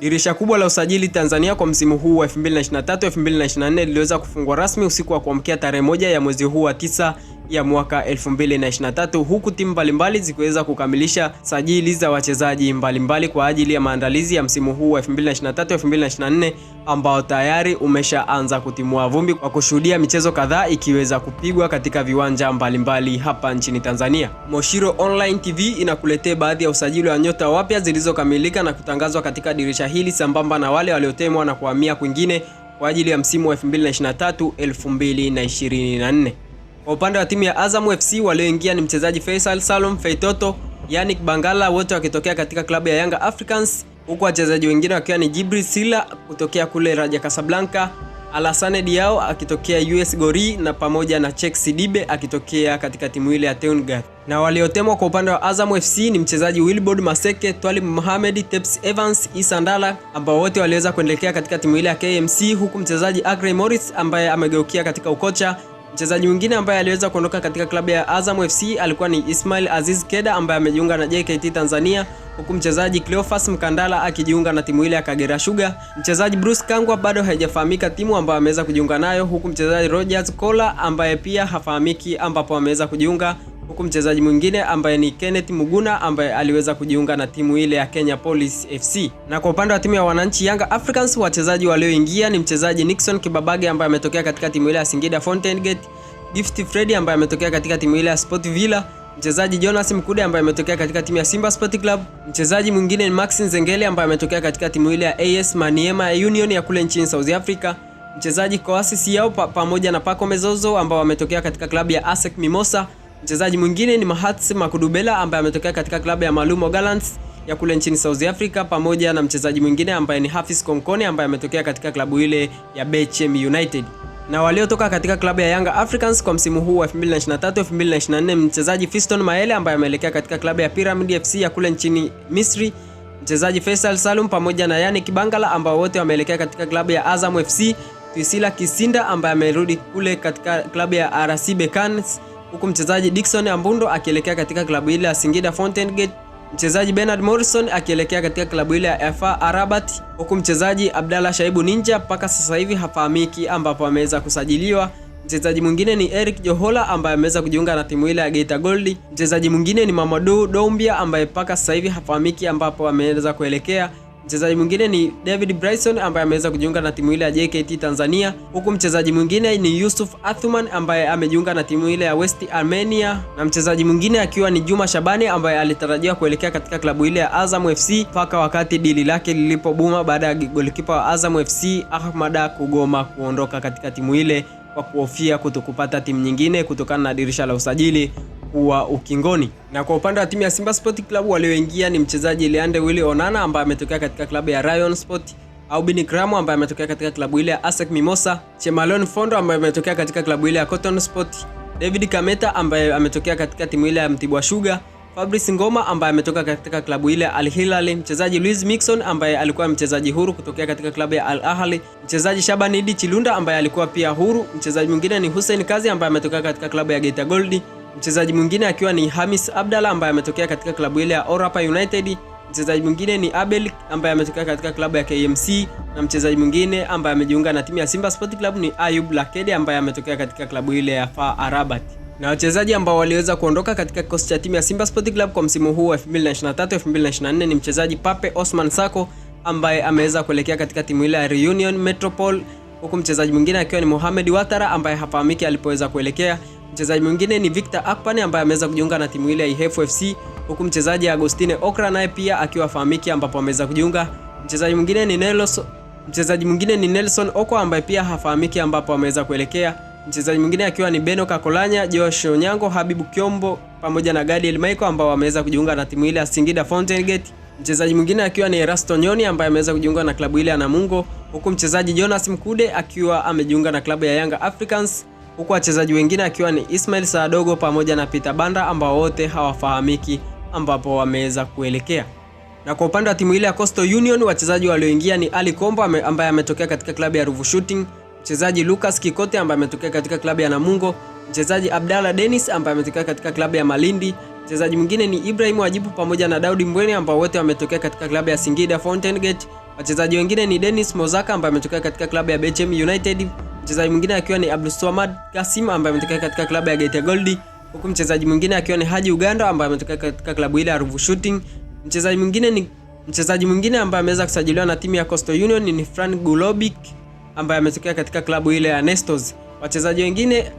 Dirisha kubwa la usajili Tanzania kwa msimu huu wa 2023-2024 liliweza kufungwa rasmi usiku wa kuamkia tarehe moja ya mwezi huu wa tisa ya mwaka 2023 huku timu mbalimbali zikiweza kukamilisha sajili za wachezaji mbalimbali kwa ajili ya maandalizi ya msimu huu wa 2023 2024 ambao tayari umeshaanza kutimua vumbi kwa kushuhudia michezo kadhaa ikiweza kupigwa katika viwanja mbalimbali mbali hapa nchini Tanzania. Moshiro Online TV inakuletea baadhi ya usajili wa nyota wapya zilizokamilika na kutangazwa katika dirisha hili sambamba na wale waliotemwa na kuhamia kwingine kwa ajili ya msimu wa 2023 2024. Kwa upande wa timu ya Azam FC walioingia ni mchezaji Faisal Salum, Feitoto, Yannick Bangala wote wakitokea katika klabu ya Yanga Africans, huku wachezaji wengine wakiwa ni jibril Sila kutokea kule Raja Casablanca, Alassane Diao akitokea US Gori na pamoja na chek Sidibe akitokea katika timu ile ya Teungat. Na waliotemwa kwa upande wa Azam FC ni mchezaji Wilbord Maseke, Twalib Mohamed, Teps Evans, Isa Ndala ambao wote waliweza kuendelea katika timu ile ya KMC, huku mchezaji Agrey Morris ambaye amegeukia katika ukocha Mchezaji mwingine ambaye aliweza kuondoka katika klabu ya Azam FC alikuwa ni Ismail Aziz Keda ambaye amejiunga na JKT Tanzania huku mchezaji Cleophas Mkandala akijiunga na timu ile ya Kagera Sugar. Mchezaji Bruce Kangwa bado haijafahamika timu ambayo ameweza kujiunga nayo, huku mchezaji Rogers Kola ambaye pia hafahamiki ambapo ameweza kujiunga huku mchezaji mwingine ambaye ni Kenneth Muguna ambaye aliweza kujiunga na timu ile ya Kenya Police FC. Na kwa upande wa timu ya wananchi Yanga Africans, wachezaji walioingia ni mchezaji Nixon Kibabage ambaye ametokea katika timu ile ya Singida Fountain Gate, Gift Freddy ambaye ametokea katika timu ile ya Sport Villa, mchezaji Jonas Mkude ambaye ametokea katika timu ya Simba Sport Club. Mchezaji mwingine ni Max Nzengele ambaye ametokea katika timu ile ya AS Maniema Union ya kule nchini South Africa mchezaji Koasi Siao pamoja na Paco Mezozo ambao wametokea katika klabu ya ASEC Mimosa Mchezaji mwingine ni Mahats Makudubela ambaye ametokea katika klabu ya Malumo Gallants ya kule nchini South Africa pamoja na mchezaji mwingine ambaye ni Hafiz Konkone ambaye ametokea katika klabu ile ya Bechem United. Na waliotoka katika klabu ya Young Africans kwa msimu huu wa 2023 2024, mchezaji Fiston Maele ambaye ameelekea katika klabu ya Pyramid FC ya kule nchini Misri, mchezaji Faisal Salum pamoja na Yannick Bangala ambao wote wameelekea katika klabu ya Azam FC, Twisila Kisinda ambaye amerudi kule katika klabu ya RC Bekans huku mchezaji Dickson Ambundo akielekea katika klabu ile ya Singida Fountain Gate, mchezaji Bernard Morrison akielekea katika klabu ile ya FA Arabat, huku mchezaji Abdalla Shaibu Ninja mpaka sasa hivi hafahamiki ambapo ameweza kusajiliwa. Mchezaji mwingine ni Eric Johola ambaye ameweza kujiunga na timu ile ya Geita Gold. Mchezaji mwingine ni Mamadou Doumbia ambaye mpaka sasa hivi hafahamiki ambapo ameweza kuelekea. Mchezaji mwingine ni David Bryson ambaye ameweza kujiunga na timu ile ya JKT Tanzania, huku mchezaji mwingine ni Yusuf Athuman ambaye amejiunga na timu ile ya West Armenia, na mchezaji mwingine akiwa ni Juma Shabani ambaye alitarajiwa kuelekea katika klabu ile ya Azam FC mpaka wakati dili lake lilipobuma baada ya golikipa wa Azam FC Ahmada kugoma kuondoka katika timu ile kwa kuhofia kutokupata timu nyingine kutokana na dirisha la usajili kuwa ukingoni. Na kwa upande wa timu ya Simba Sport Club walioingia ni mchezaji Leandre Willy Onana ambaye ametokea katika klabu ya Rayon Sport, Aubin Kramo ambaye ametokea katika klabu ile ya ASEC Mimosa, Chemalon Fondo ambaye ametokea katika klabu ile ya Cotton Sport, David Kameta ambaye ametokea katika timu ile ya Mtibwa Sugar, Fabrice Ngoma ambaye ametoka katika klabu ile Al Hilal, mchezaji Luis Mixon ambaye alikuwa mchezaji huru kutokea katika klabu ya Al Ahli, mchezaji Shabanidi Chilunda ambaye alikuwa pia huru, mchezaji mwingine ni Hussein Kazi ambaye ametokea katika klabu ya Geita Goldi, Mchezaji mwingine akiwa ni Hamis Abdalla ambaye ametokea katika klabu ile ya Orapa United. Mchezaji mwingine ni Abel ambaye ametokea katika klabu ya KMC na mchezaji mwingine ambaye amejiunga na timu ya Simba Sport Club ni Ayub Lakede ambaye ametokea katika klabu ile ya FAR arabat Na wachezaji ambao waliweza kuondoka katika kikosi cha timu ya Simba Sport Club kwa msimu huu wa 2023-2024 ni mchezaji Pape Osman Sako ambaye ameweza kuelekea katika timu ile ya Reunion Metropole, huku mchezaji mwingine akiwa ni Mohamed Watara ambaye hafahamiki alipoweza kuelekea Mchezaji mwingine ni Victor Akpan ambaye ameweza kujiunga na timu ile ya Ihefu FC, huku mchezaji Agostine Okra naye pia akiwa afahamiki ambapo ameweza kujiunga. Mchezaji mwingine ni Nelson, mchezaji mwingine ni Nelson Okwa ambaye pia hafahamiki ambapo ameweza kuelekea. Mchezaji mwingine akiwa ni Beno Kakolanya, Josh Onyango, Habibu Kiombo pamoja na Gadiel Maiko ambao wameweza kujiunga na timu ile ya Singida Fountain Gate. Mchezaji mwingine akiwa ni Erasto Nyoni ambaye ameweza kujiunga na klabu ile ya Namungo, huku mchezaji Jonas Mkude akiwa amejiunga na klabu ya Yanga Africans huku wachezaji wengine akiwa ni Ismail Saadogo pamoja na Peter Banda ambao wote hawafahamiki ambapo wameweza kuelekea. Na kwa upande wa timu ile ya Coastal Union wachezaji walioingia ni Ali Kombo ambaye ametokea katika klabu ya Ruvu Shooting, mchezaji Lucas Kikote ambaye ametokea katika klabu ya Namungo, mchezaji Abdalla Dennis ambaye ametokea katika klabu ya Malindi, mchezaji mwingine ni Ibrahim Wajibu pamoja na Daudi Mbweni ambao wote wametokea katika klabu ya Singida Fountain Gate. Wachezaji wengine ni Dennis Mozaka ambaye ametokea katika klabu ya Bechem United mchezaji mwingine akiwa ni Abdulswamad Kasim ambaye ametokea katika klabu ya Geita Gold, huku mchezaji mwingine akiwa ni Haji Uganda ambaye ametokea katika klabu ile ya Ruvu Shooting. Mchezaji mwingine ni mchezaji mwingine ambaye ameweza kusajiliwa na timu ya Coastal Union ni Fran Gulobik ambaye ametokea katika klabu ile ya Nestos. Wachezaji wengine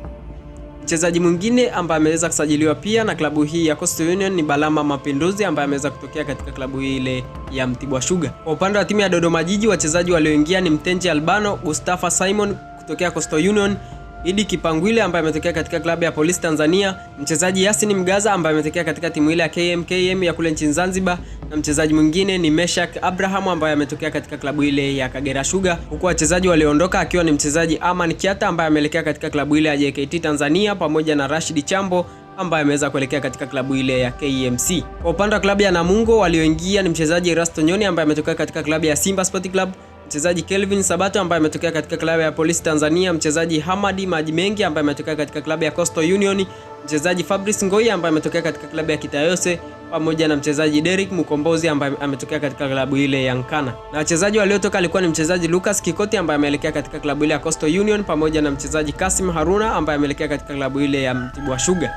mchezaji mwingine ambaye ameweza kusajiliwa pia na klabu hii ya Coastal Union ni Balama Mapinduzi ambaye ameweza kutokea katika klabu ile ya Mtibwa Sugar. Kwa upande wa timu ya Dodoma Jiji, wachezaji walioingia ni Mtenji Albano, Gustafa Simon, kutokea Coastal Union, Idi Kipangwile ambaye ametokea katika klabu ya Polisi Tanzania, mchezaji Yasin Mgaza ambaye ametokea katika timu ile ya KMKM ya kule nchini Zanzibar, na mchezaji mwingine ni Meshak Abraham ambaye ametokea katika klabu ile ya Kagera Sugar, huku wachezaji walioondoka akiwa ni mchezaji Aman Kiata ambaye ameelekea katika klabu ile ya JKT Tanzania pamoja na Rashid Chambo ambaye ameweza kuelekea katika klabu ile ya KMC. Kwa upande wa klabu ya Namungo walioingia ni mchezaji Erasto Nyoni ambaye ametokea katika klabu ya Simba Sport Club mchezaji Kelvin Sabato ambaye ametokea katika klabu ya Polisi Tanzania, mchezaji Hamadi Maji Mengi ambaye ametokea katika klabu ya Coastal Union, mchezaji Fabrice Ngoi ambaye ametokea katika klabu ya Kitayose pamoja na mchezaji Derek Mkombozi ambaye ametokea katika klabu ile ya Nkana. Na wachezaji waliotoka alikuwa ni mchezaji Lucas Kikoti ambaye ameelekea katika klabu ile ya Coastal Union pamoja na mchezaji Kasim Haruna ambaye ameelekea katika klabu ile ya Mtibwa Sugar.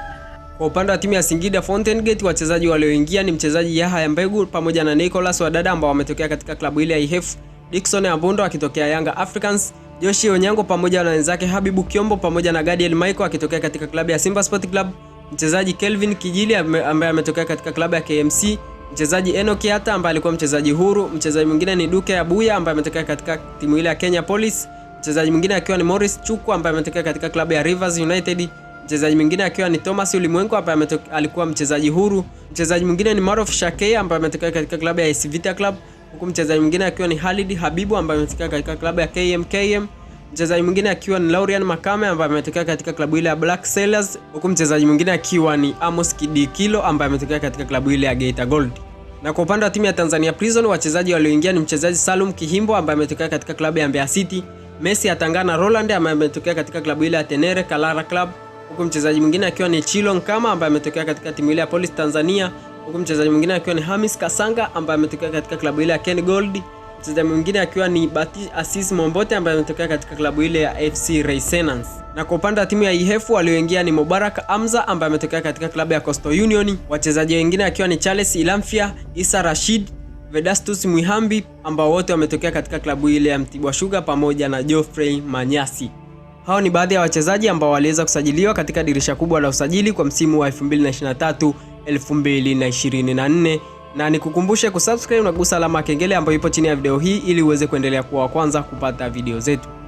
Kwa upande wa timu ya Singida Fountain Gate wachezaji walioingia ni mchezaji Yahaya Mbegu pamoja na Nicholas Wadada ambao wametokea katika klabu ile ya Ihefu Dickson Abundo akitokea Yanga Africans, Joshi Onyango pamoja na wenzake Habibu Kiombo pamoja na Gadiel Michael akitokea katika klabu ya Simba Sport Club, mchezaji Kelvin Kijili ambaye ametokea katika klabu ya KMC, mchezaji Enoki Hata ambaye alikuwa mchezaji huru, mchezaji mwingine ni Duke Abuya ambaye ametokea katika timu ile ya Kenya Police, mchezaji mwingine akiwa ni Morris Chuku ambaye ametokea katika klabu ya Rivers United, mchezaji mwingine akiwa ni Thomas Ulimwengu ambaye alikuwa mchezaji huru, mchezaji mwingine ni Marof Shakei ambaye ametokea katika klabu ya AS Vita Club huku mchezaji mwingine akiwa ni Halid Habibu ambaye ametokea katika klabu ya KMKM. Mchezaji mwingine akiwa ni Laurian Makame ambaye ametokea katika klabu ile ya Black Sailors, huku mchezaji mwingine akiwa ni Amos Kidikilo ambaye ametokea katika klabu ile ya Geita Gold. Na kwa upande wa timu ya Tanzania Prison wachezaji walioingia ni mchezaji Salum Kihimbo ambaye ametokea katika klabu ya Mbeya City, Messi Atangana Roland ambaye ametokea katika klabu ile ya Tenere Kalara Club, huku mchezaji mwingine akiwa ni Chilon Kama ambaye ametokea katika timu ile ya Police Tanzania huku mchezaji mwingine akiwa ni Hamis Kasanga ambaye ametokea katika klabu ile ya Ken Gold, mchezaji mwingine akiwa ni Bati Asis Mombote ambaye ametokea katika klabu ile ya FC Raisenans Na kwa upande wa timu ya Ihefu walioingia ni Mubarak Amza ambaye ametokea katika klabu ya Coastal Union, wachezaji wengine akiwa ni Charles Ilamfia, Isa Rashid Vedastus Mwihambi ambao wote wametokea katika klabu ile ya Mtibwa Sugar pamoja na Geoffrey Manyasi. Hao ni baadhi ya wachezaji ambao waliweza kusajiliwa katika dirisha kubwa la usajili kwa msimu wa 2023 2024 na nikukumbushe kusubscribe na kugusa alama ya kengele ambayo ipo chini ya video hii ili uweze kuendelea kuwa wa kwanza kupata video zetu.